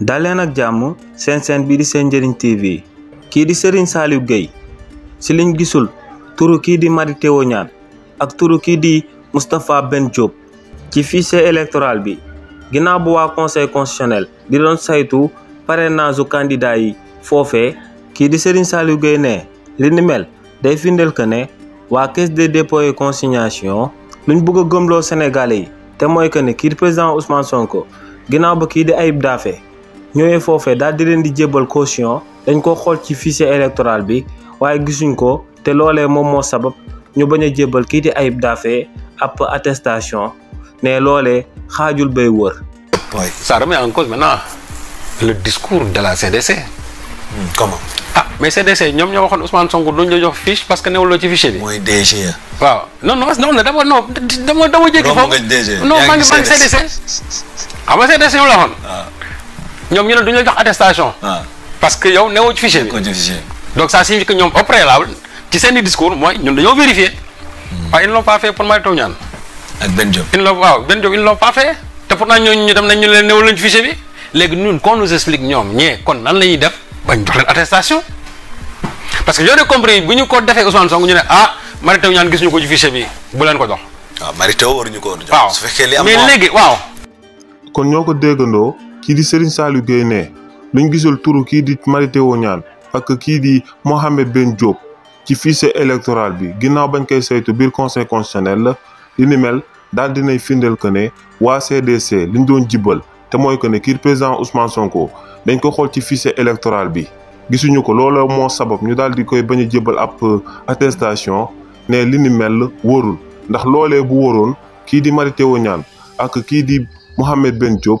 daleen ak jàmm seen seen bii di seen njëriñ TV kii di Serigne Saliou Gueye si liñ gisul turu kii di Mary Teuw Niane ak turu kii di Moustapha Ben Diop ci fichier électoral bi ginnaaw bu waa conseil constitutionnel di doon saytu parrainage u candidat yi foofee kii di Serigne Saliou Gueye ne li ni mel day firndeel que ne waa caisse des dépôts et consignation luñ bëgg a gëmloo Sénégalais yi te mooy que ne kii di président Ousmane Sonko ginnaaw ba kii di Ayib Daffé ñëwee foofee daal di leen di jébbal caution dañ ko xool ci fichier électoral bi waaye gisuñ ko te loolee moom moo sabab ñu bañ a jébbal kii di Ayib Daffé ab attestation ne loolee xaajul bay wër. oui ça remet en cause maintenant le discours de la CDC. Hmm, comment. Ah, mais CDC ñoom ñoo waxoon Ousmane Sonko duñ la jox fiche parce que new newuloo ci fichier bi. mooy DG. waaw non non non d'abord non dama dama jékki foofu. non maa ngi maa ngi CDC. xam nga CDC ñu la waxoon. Ah. ñom ñu ne duñu la jox attestation. Ah. parce que yow newoo ci fichier donc ça signifie que ñom au préalable ci seen discours mooy ñun dañoo vérifier. Hmm. waaye ils ne l'ont pas fait pour Mary Teuw ak Ben Job ils l'ont waaw Ben Job ils l'ont pas fait te pourtant ñooñu ñu dem nañ ñu leen newoo ci fichier bi légui ñun qu'on nous explique ñom ñé kon nan la def bañ jox leen attestation. parce que j'aurais compris bu ñu ko defee Ousmane Sonko ñu né ah Mary Teuw gis ñu ko ci fichier bi bu leen ko jox. waaw ah, Mary Teuw waruñu ko woon jox. su fekké li am mais légui waaw. kon ñoko ko déggandoo ki di Serigne Saliou gayne ne luñ gisul turu ki di Mary wo ñaan ak ki di Mohamed Ben Diop ci fichier électoral bi ginnaw bañ koy saytu biir conseil constitutionnel la li ni mel dal dinay findel que ne waa CDC liñ doon jibbal te moy que ne kii président Ousmane Sonko dañ ko xol ci fichier électoral bi gisuñu ko looloo mo sabab ñu dal di koy bañ a ap euh, attestation ne li ni mel worul ndax loolee bu woron ki di Mary wo ñaan ak ki di Mohamed Ben Diop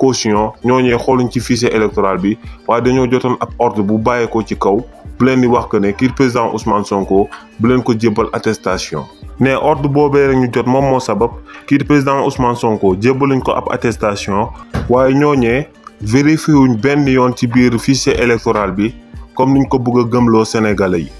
caution ñooñee xooluñ ci fichier électoral bi waaye dañoo jotoon ab ordre bu bàyyeekoo ci kaw bu leen di wax que ne kii président Ousmane Sonko bu leen ko jébbal attestation. ne ordre boobee rek ñu jot moom moo sabab kii président Ousmane Sonko jébbaluñ ko ab attestation waaye ñooñee vérifié wuñ benn yoon ci biir fichier électoral bi comme niñ ko bëgg a gëmloo Sénégalais yi.